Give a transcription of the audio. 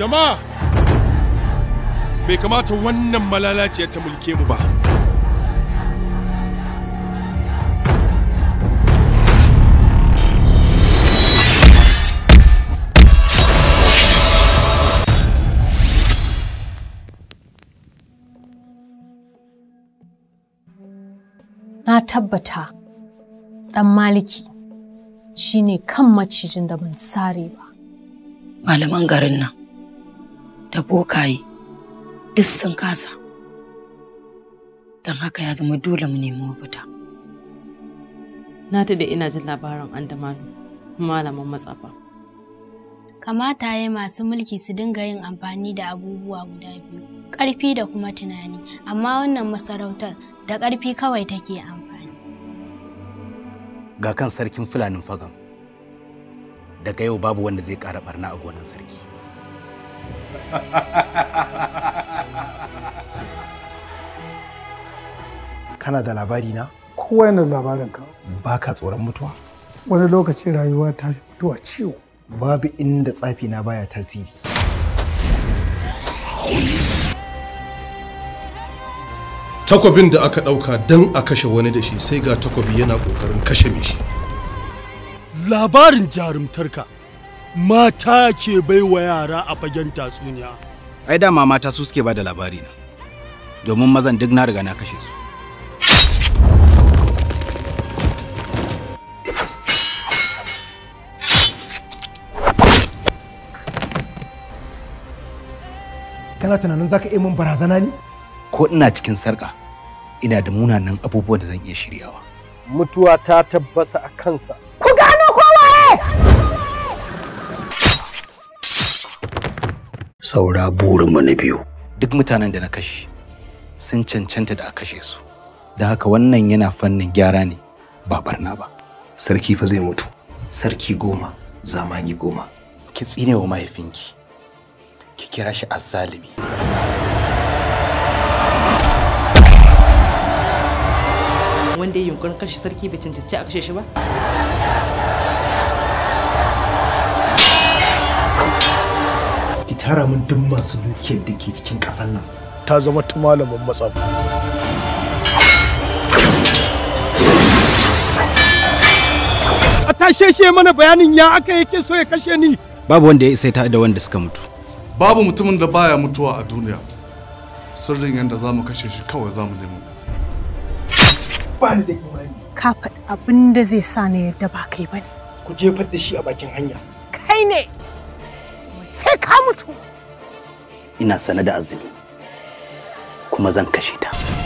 jama'a bai kamata wannan malalaciya ta mulke mu ba na tabbata ɗan maliki shine kan macijin da ban sare ba malaman garin nan da bokaye duk sun kasa don haka ya zama dole mu nemo mafita na da ina jin labarin andamanu malaman matsafa kamata ya masu mulki su dinga yin amfani da abubuwa guda biyu ƙarfi da kuma tunani amma wannan masarautar da ƙarfi kawai take amfani ga kan sarkin fulanin Fagan, daga yau babu wanda zai ƙara barna a gonan sarki kana da labari na? Kowa yana labarin ka. Ba ka tsoron mutuwa? Wani lokacin rayuwa ta fi mutuwa ciwo. Babu inda tsafi na baya tasiri. Takwabin da aka ɗauka don a kashe wani da shi sai ga takwabi yana ƙoƙarin kashe mishi. Labarin jarumtarka. mata ke baiwa yara a fagen tatsuniya ai dama mata su suke ba da labari na domin mazan duk na riga na kashe su kana tunanin zaka iya min barazana ne ko ina cikin sarka ina da munanan abubuwan da zan iya shiryawa mutuwa ta tabbata a kansa ku gano kowa saura mu na biyu duk mutanen da na kashe sun cancanta da a kashe su da haka wannan yana fannin gyara ne ba barna ba sarki fa zai mutu sarki goma zamani goma ki tsine wa mahaifinki ki kira shi azzalimi wanda ya yunkurin kashe sarki bai cancanci a kashe shi ba tara min duk masu dukiyar da ke cikin ƙasar nan ta zama ta malamin matsaf a tasheshe mana bayanin ya aka yake so ya kashe ni babu wanda ya isa ta da wanda suka mutu babu mutumin da baya mutuwa a duniya sirrin yadda za kashe shi kawai za nemo ba ni da imani ka faɗi abin da zai sa ni yadda ba kai ba ne ku jefar da shi a bakin hanya kai ne mutu ina sane da azumi kuma zan kashe ta